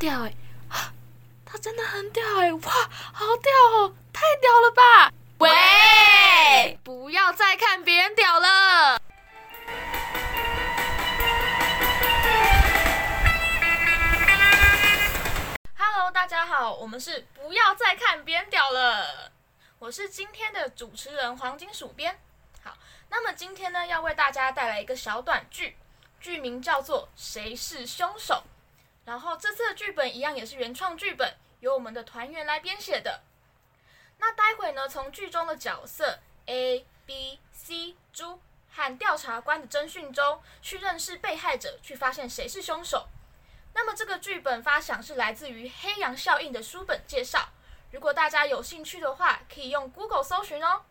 屌哎， 他真的很屌哎，哇，好屌哦，太屌了吧！喂，不要再看別人屌了。Hello，大家好，我們是不要再看別人屌了，我是今天的主持人黃金鼠編。好，那麼今天呢，要為大家帶來一個小短劇，劇名叫做《誰是凶手》。然後這次的劇本一樣也是原創劇本，由我們的團員來編寫的。那待會呢，從劇中的角色 A、B、C 豬和調查官的偵訊中，去認識被害者，去發現誰是兇手。那麼這個劇本發想是來自於黑羊效應的書本介紹。如果大家有興趣的話，可以用 Google 搜尋哦。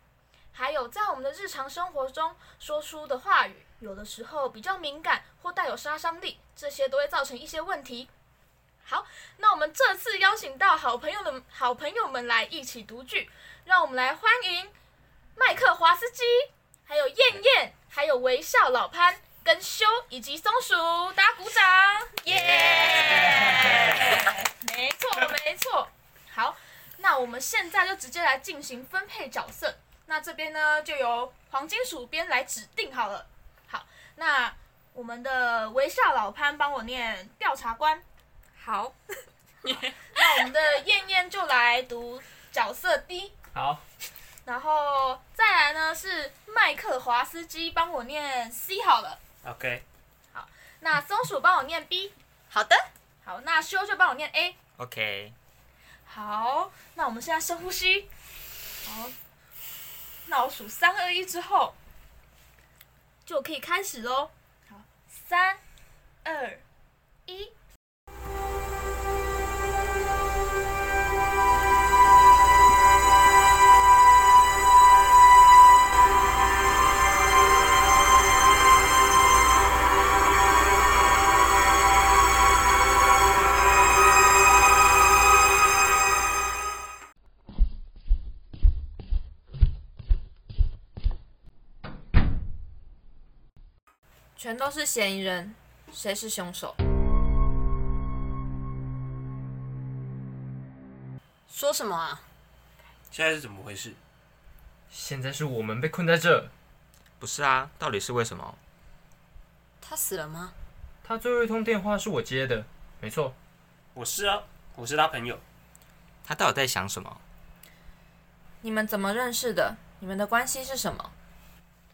還有在我們的日常生活中說出的話語。有的時候比較敏感或帶有殺傷力，這些都會造成一些問題。好，那我們這次邀請到好朋友的好朋友們來一起讀劇，讓我們來歡迎麥克華斯基，還有諺諺，還有微笑老潘，跟修以及松鼠，大家鼓掌！耶、yeah! 沒錯，沒錯。好，那我們現在就直接來進行分配角色。那這邊呢，就由黃金鼠編來指定好了。那我們的微笑老潘幫我念調查官，好， 好。那我們的諺諺就來讀角色 D，好。然後再來呢是麥克華斯基幫我念 C 好了。OK。好，那松鼠幫我念 B，好的。好，那修修幫我念 A。OK。好，那我們現在深呼吸。好，那我數三二一之後，就可以開始嘍！好，三、二、一。全都是嫌疑人，誰是兇手？說什麼啊？現在是怎麼回事？現在是我們被困在這。不是啊，到底是為什麼？他死了嗎？他最後一通電話是我接的，沒錯。我是啊，我是他朋友。他到底在想什麼？你們怎麼認識的？你們的關係是什麼？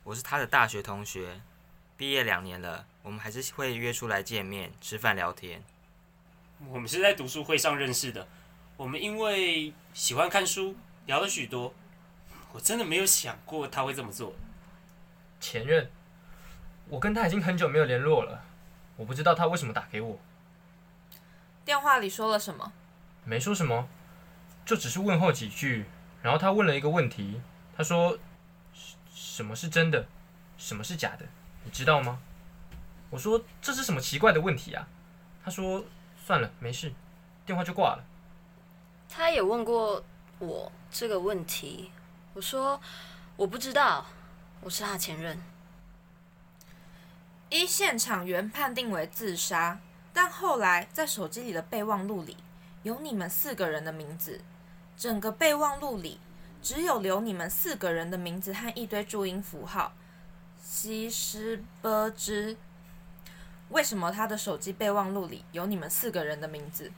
我是他的大學同學。畢業兩年了，我們還是會約出來見面吃飯聊天。我們是在讀書會上認識的。我們因為喜歡看書，聊了許多。我真的沒有想過他會這麼做。前任，我跟他已經很久沒有聯絡了。我不知道他為什麼打給我。電話裡說了什麼？沒說什麼，就只是問候幾句。然後他問了一個問題，他說：“什麼是真的？什麼是假的？”你知道嗎？我說這是什麼奇怪的問題啊！他說算了，沒事，電話就掛了。他也問過我這個問題，我說我不知道，我是他前任。一現場原判定為自殺，但後來在手機裡的備忘錄裡有你們四個人的名字，整個備忘錄裡只有留你們四個人的名字和一堆注音符號。西施波之，為什麼他的手機備忘錄裡有你們四個人的名字？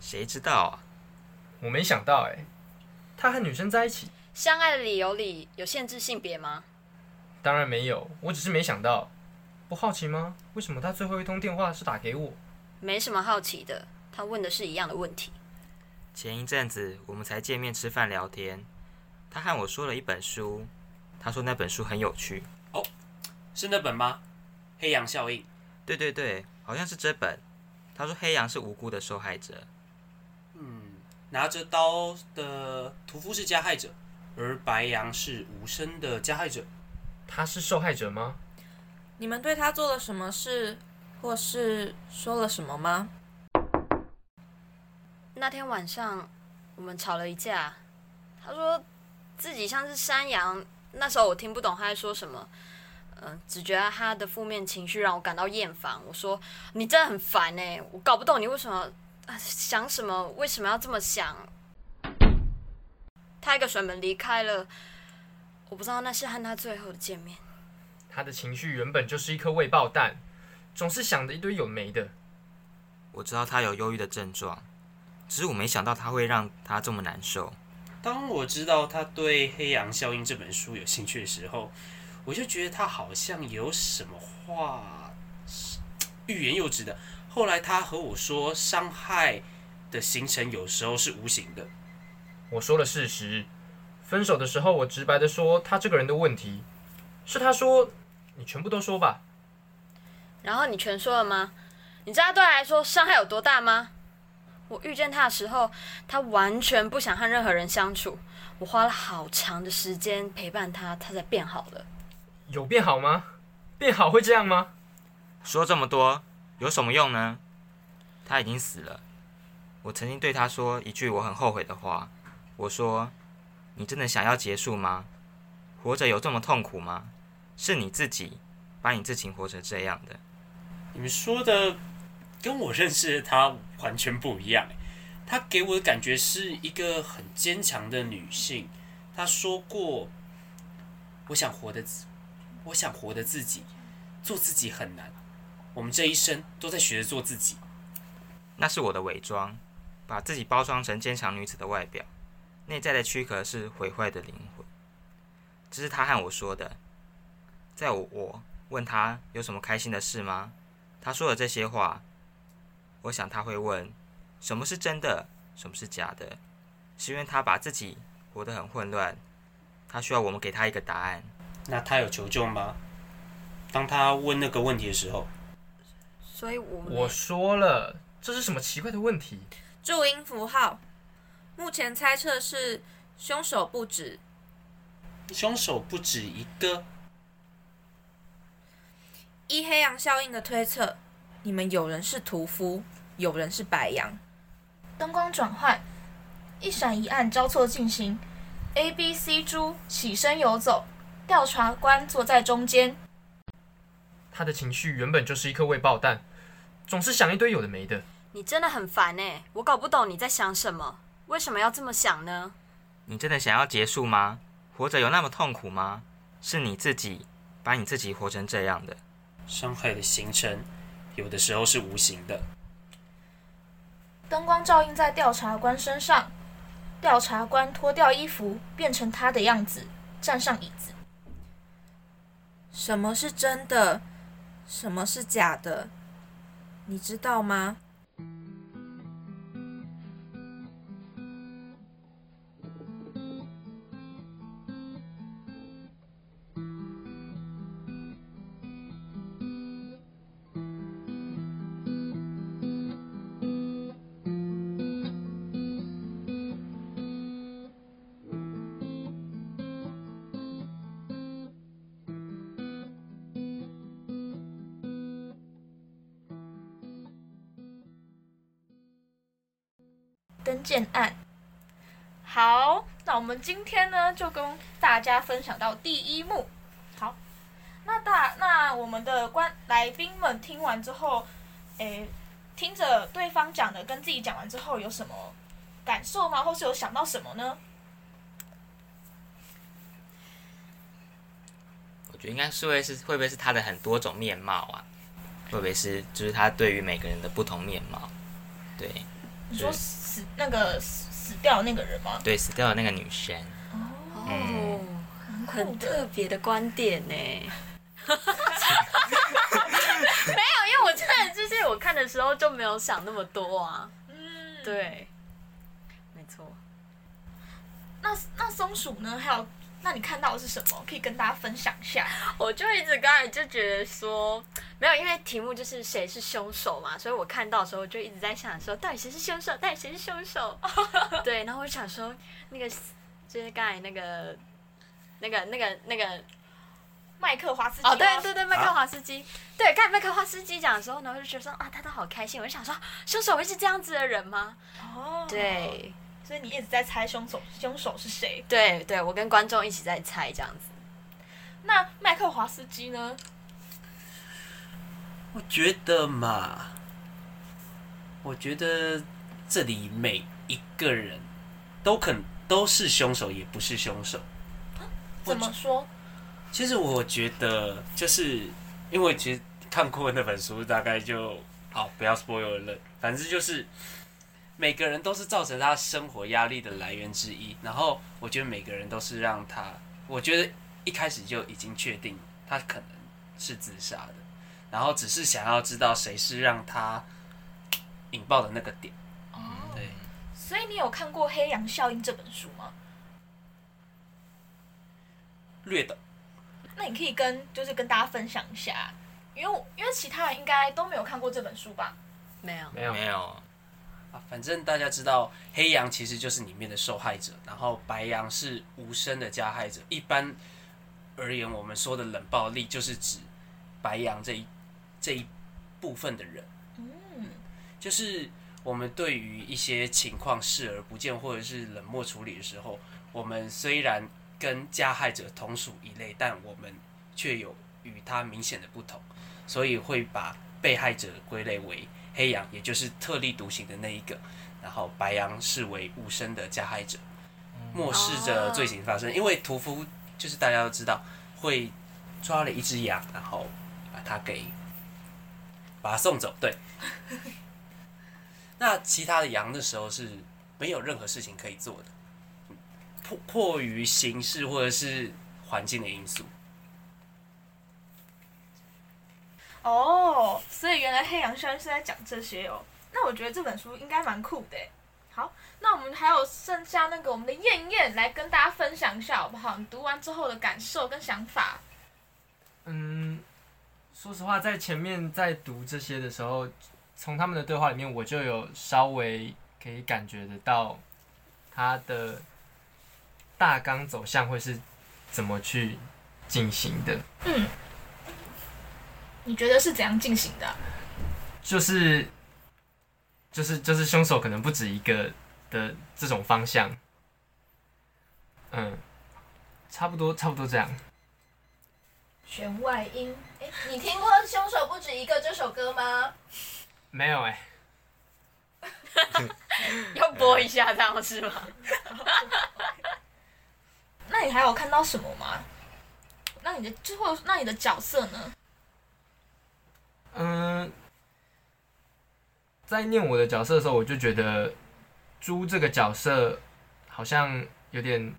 誰知道啊？我沒想到誒、欸。他和女生在一起。相愛的理由裡有限制性別嗎？當然沒有，我只是沒想到。不好奇嗎？為什麼他最後一通電話是打給我？沒什麼好奇的，他問的是一樣的問題。前一陣子我們才見面吃飯聊天，他和我說了一本書，他說那本書很有趣。是那本嗎？黑羊效應。對對對，好像是這本。他說黑羊是無辜的受害者。嗯，拿着刀的屠夫是加害者，而白羊是無聲的加害者。他是受害者嗎？你們對他做了什麼事，或是說了什麼嗎？那天晚上我們吵了一架。他說自己像是山羊，那時候我聽不懂他在說什麼。只覺得他的負面情緒讓我感到厭煩。我說：“你真的很煩呢、欸？”我搞不懂你為什麼、啊、想什麼，為什麼要這麼想？”他一個甩門離開了。我不知道那是和他最後的見面。他的情緒原本就是一顆未爆彈，總是想着一堆有的沒的。我知道他有憂鬱的症狀，只是我沒想到他會讓他這麼難受。當我知道他對《黑羊效應》這本書有興趣的時候，我就覺得他好像有什麼話欲言又止的。後來他和我說，傷害的形成有時候是無形的。我說了事實，分手的時候我直白地說他這個人的問題。是他說你全部都說吧。然後你全說了嗎？你知道他對他來說傷害有多大嗎？我遇見他的時候，他完全不想和任何人相處。我花了好長的時間陪伴他，他才變好了。有變好嗎？變好會這樣嗎？說這麼多有什麼用呢？他已經死了。我曾經對他說一句我很後悔的話。我說：“你真的想要結束嗎？活着有這麼痛苦嗎？是你自己把你自己活成這樣的。”你們說的跟我認識的她完全不一樣欸。她給我的感覺是一個很堅強的女性。她說過：“我想活的。”我想活得自己，做自己很難。我們這一生都在學着做自己。那是我的偽裝，把自己包裝成堅強女子的外表，內在的軀殼是毀壞的靈魂。這是他和我說的。在我我問他有什麼開心的事嗎？他說了這些話，我想他會問：什麼是真的？什麼是假的？是因為他把自己活得很混亂，他需要我們給他一個答案。那他有求救嗎？當他問那個問題的時候，所以我我說了，這是什麼奇怪的問題？注音符號，目前猜測是凶手不止，凶手不止一個。以黑羊效應的推測，你們有人是屠夫，有人是白羊。燈光轉換，一閃一暗交錯進行。A、B、C 豬起身游走。調查官坐在中間。他的情緒原本就是一顆未爆彈，總是想一堆有的沒的。你真的很煩誒、欸。我搞不懂你在想什麼，為什麼要這麼想呢？你真的想要結束嗎？活着有那麼痛苦嗎？是你自己把你自己活成這樣的。傷害的形成，有的時候是無形的。燈光照映在調查官身上，調查官脫掉衣服，變成他的樣子，站上椅子。什麼是真的，什麼是假的，你知道嗎？案件。好，那我們今天呢，就跟大家分享到第一幕。好，那大那我們的觀來賓們聽完之後，誒、欸，聽着對方講的跟自己講完之後，有什麼感受嗎？或是有想到什麼呢？我覺得應該是會是會不會是他的很多種面貌啊？特別是就是他對於每個人的不同面貌，對。你說死那個死掉那個人嗎？對，死掉的那個女生。哦、oh, 嗯，很很特別的觀點呢。 沒有，因為我真的就是 我看的時候就沒有想那麼多啊。嗯， 對，沒錯。那那松鼠呢？還有。那你看到的是什麼？可以跟大家分享一下。我就一直剛才就覺得說沒有，因為題目就是誰是兇手嘛，所以我看到的時候就一直在想說，到底誰是兇手？到底誰是兇手？ 對，然後我就想說，那個就是那個，那個就是剛才那個那個那個那個麥克華斯基。哦，對對對，麥、啊、克華斯基。對，剛才麥克華斯基講的時候呢，我就覺得說啊，他都好開心。我就想說，兇手會是這樣子的人嗎？哦，對。所以你一直在猜兇手，兇手是誰？對對，我跟觀眾一起在猜這樣子。那麥克華斯基呢？我覺得嘛，我覺得這裡每一個人都可能都是兇手，也不是兇手，啊。怎麼說？其實我覺得，就是因為其實看過那本書，大概就好、哦、不要 spoil 了，反正就是。每個人都是造成他生活壓力的來源之一，然後我覺得每個人都是讓他，我覺得一開始就已經確定他可能是自殺的，然後只是想要知道誰是讓他引爆的那個點。對，哦，所以你有看過《黑羊效應》這本書嗎？略懂。那你可以跟就是跟大家分享一下，因為我因為其他人應該都沒有看過這本書吧？沒有，沒有，沒有。啊、反正大家知道，黑羊其實就是裡面的受害者，然後白羊是無聲的加害者。一般而言，我們說的冷暴力就是指白羊這一這一部分的人。嗯，就是我們對於一些情況視而不見或者是冷漠處理的時候，我們雖然跟加害者同屬一類，但我們卻有與他明顯的不同，所以會把被害者歸類為。黑羊，也就是特立獨行的那一個，然後白羊視為無聲的加害者，漠視着罪行發生。因為屠夫就是大家都知道會抓了一隻羊，然後把它給把它送走。對， 那其他的羊的時候是沒有任何事情可以做的，迫迫於形勢或者是環境的因素。哦，所以原來黑羊山是在講這些哦。那我覺得這本書應該蠻酷的。好，那我們還有剩下那個我們的諺諺來跟大家分享一下好不好？你讀完之後的感受跟想法。嗯，說實話，在前面在讀這些的時候，從他們的對話裡面，我就有稍微可以感覺得到他的大綱走向會是怎麼去進行的。嗯。你覺得是怎樣進行的？啊？就是，就是，就是兇手可能不止一個的這種方向。嗯，差不多，差不多這樣。弦外音，哎、欸，你聽過《兇手不止一個》這首歌嗎？沒有、欸，哎。要播一下，這樣是嗎？ 那你還有看到什麼嗎？那你的最後，那你的角色呢？嗯，在念我的角色的時候，我就覺得豬這個角色好像有點，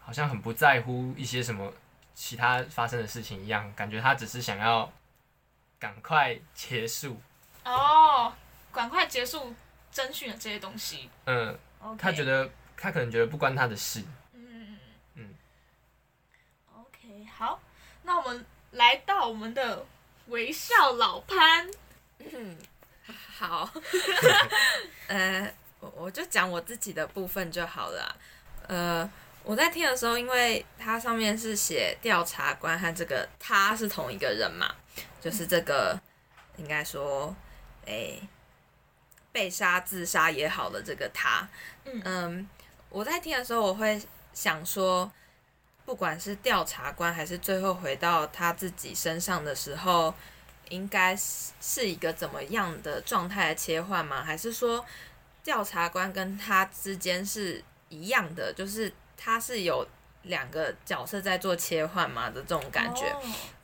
好像很不在乎一些什麼其他發生的事情一樣，感覺他只是想要趕快結束。哦，趕快結束偵訊這些東西。嗯，okay. 他覺得他可能覺得不關他的事。嗯嗯。嗯。OK，好，那我們來到我們的。微笑老潘，嗯，好， 呃，我我就講我自己的部分就好了啊。呃，我在聽的時候，因為它上面是寫調查官和這個他是同一個人嘛，就是這個應該說，哎，呃，被殺、自殺也好的這個他，嗯，嗯我在聽的時候，我會想說。不管是調查官還是最後回到他自己身上的時候，應該是是一個怎麼樣的狀態的切換嗎？還是說調查官跟他之間是一樣的，就是他是有兩個角色在做切換嗎的這種感覺？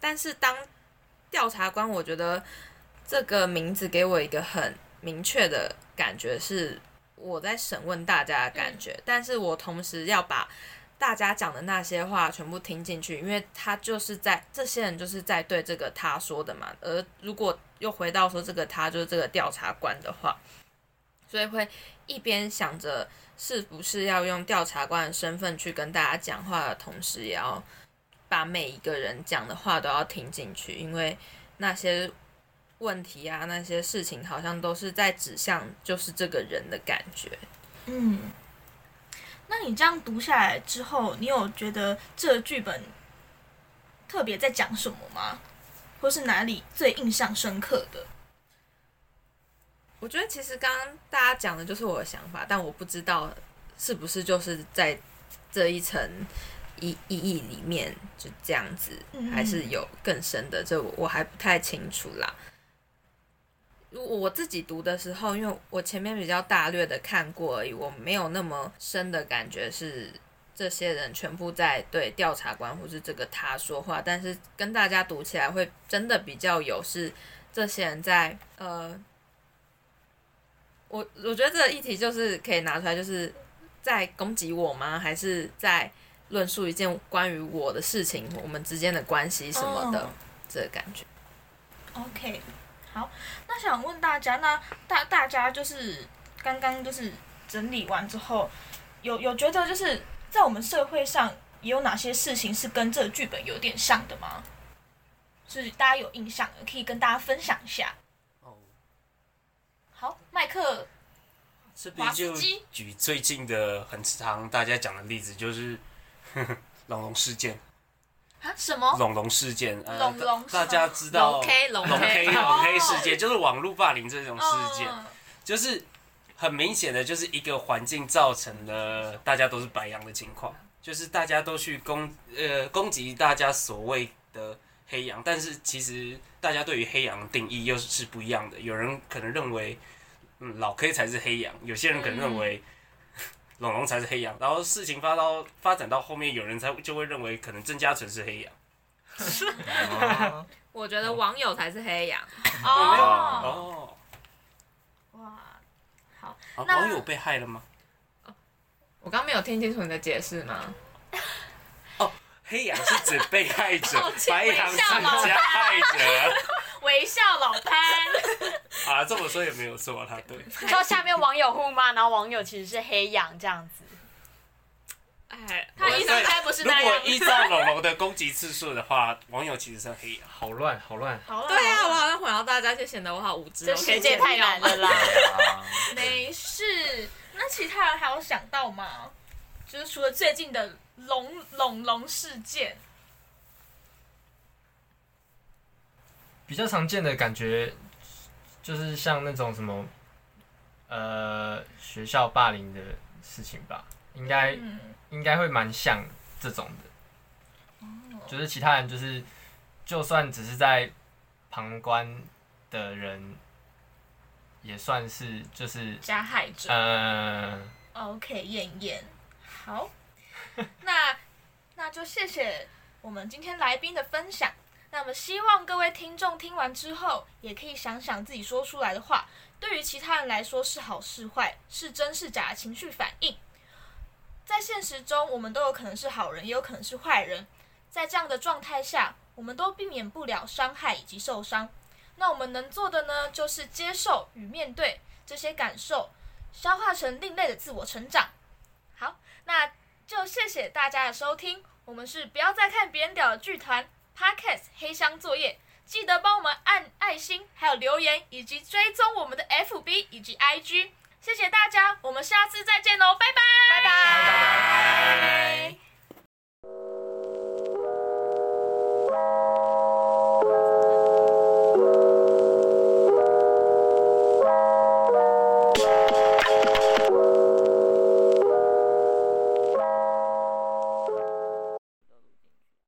但是當調查官，我覺得這個名字給我一個很明確的感覺，是我在審問大家的感覺。嗯，但是我同時要把。大家講的那些話全部聽進去，因為他就是在這些人就是在對這個他說的嘛。而如果又回到說這個他就是這個調查官的話，所以會一邊想着是不是要用調查官的身份去跟大家講話的同時，也要把每一個人講的話都要聽進去，因為那些問題啊，那些事情好像都是在指向就是這個人的感覺。嗯。那你這樣讀下來之後，你有覺得這劇本特別在講什麼嗎？或是哪裡最印象深刻的？的我覺得其實剛剛大家講的就是我的想法，但我不知道是不是就是在這一層意意義裡面就這樣子，還是有更深的，嗯，這我，我還不太清楚啦。如我自己讀的時候，因為我前面比較大略的看過而已，我沒有那麼深的感覺是這些人全部在對調查官或是這個他說話，但是跟大家讀起來會真的比較有是這些人在呃，我我覺得這個議題就是可以拿出來，就是在攻擊我嗎？還是在論述一件關於我的事情，我們之間的關係什麼的，oh. 這個感覺。OK。好，那想問大家，那大大家就是剛剛就是整理完之後，有有覺得就是在我們社會上有哪些事情是跟這個劇本有點像的嗎？所是，是大家有印象可以跟大家分享一下。哦，好，麥克，是不是舉最近的很常大家講的例子，就是朗龍，龍事件。啊，什麼？龍龍事件、呃龍龍，大家知道，龍 K 龍 K 龍 K 事件，就是網絡霸凌這種事件，哦、就是很明顯的，就是一個環境造成了大家都是白羊的情況，就是大家都去攻呃攻擊大家所謂的黑羊，但是其實大家對於黑羊的定義又是不一樣的，有人可能認為，嗯，老 K 才是黑羊，有些人可能認為。嗯龍龍才是黑羊，然後事情發到發展到後面，有人才就會認為可能鄭嘉誠是黑羊。 我覺得網友才是黑羊。哦哦，哇，好，啊、那網友被害了嗎？我剛沒有聽清楚你的解釋嗎？ 哦，黑羊是指被害者， 白羊是加害者， 微笑老潘。 啊，這麼說也沒有錯，他對。然後下面網友互罵，然後網友其實是黑羊這樣子。哎，他一直開不是那？如果依照龍龍的攻擊次數的話，網友其實是黑羊。好亂，好亂，好亂。對啊，我好像混淆大家，就顯得我好無知。這世界太難了啦。 沒事，那其他人還有想到嗎？就是除了最近的龍龍龍事件，比較常見的感覺。就是像那種什麼，呃，學校霸凌的事情吧，應該應該會蠻像這種的。嗯。就是其他人就是，就算只是在旁觀的人，也算是就是加害者。呃，OK，諺諺，好， 那那就謝謝我們今天來賓的分享。那麼，希望各位聽眾聽完之後，也可以想想自己說出來的話，對於其他人來說是好是壞，是真是假情緒反應。在現實中，我們都有可能是好人，也有可能是壞人。在這樣的狀態下，我們都避免不了傷害以及受傷。那我們能做的呢，就是接受與面對這些感受，消化成另類的自我成長。好，那就謝謝大家的收聽。我們是不要再看別人屌了劇團。Podcast，黑箱作業，記得幫我們按愛心，還有留言，以及追蹤我們的 FB 以及 IG，謝謝大家，我們下次再見囉，拜拜，拜拜。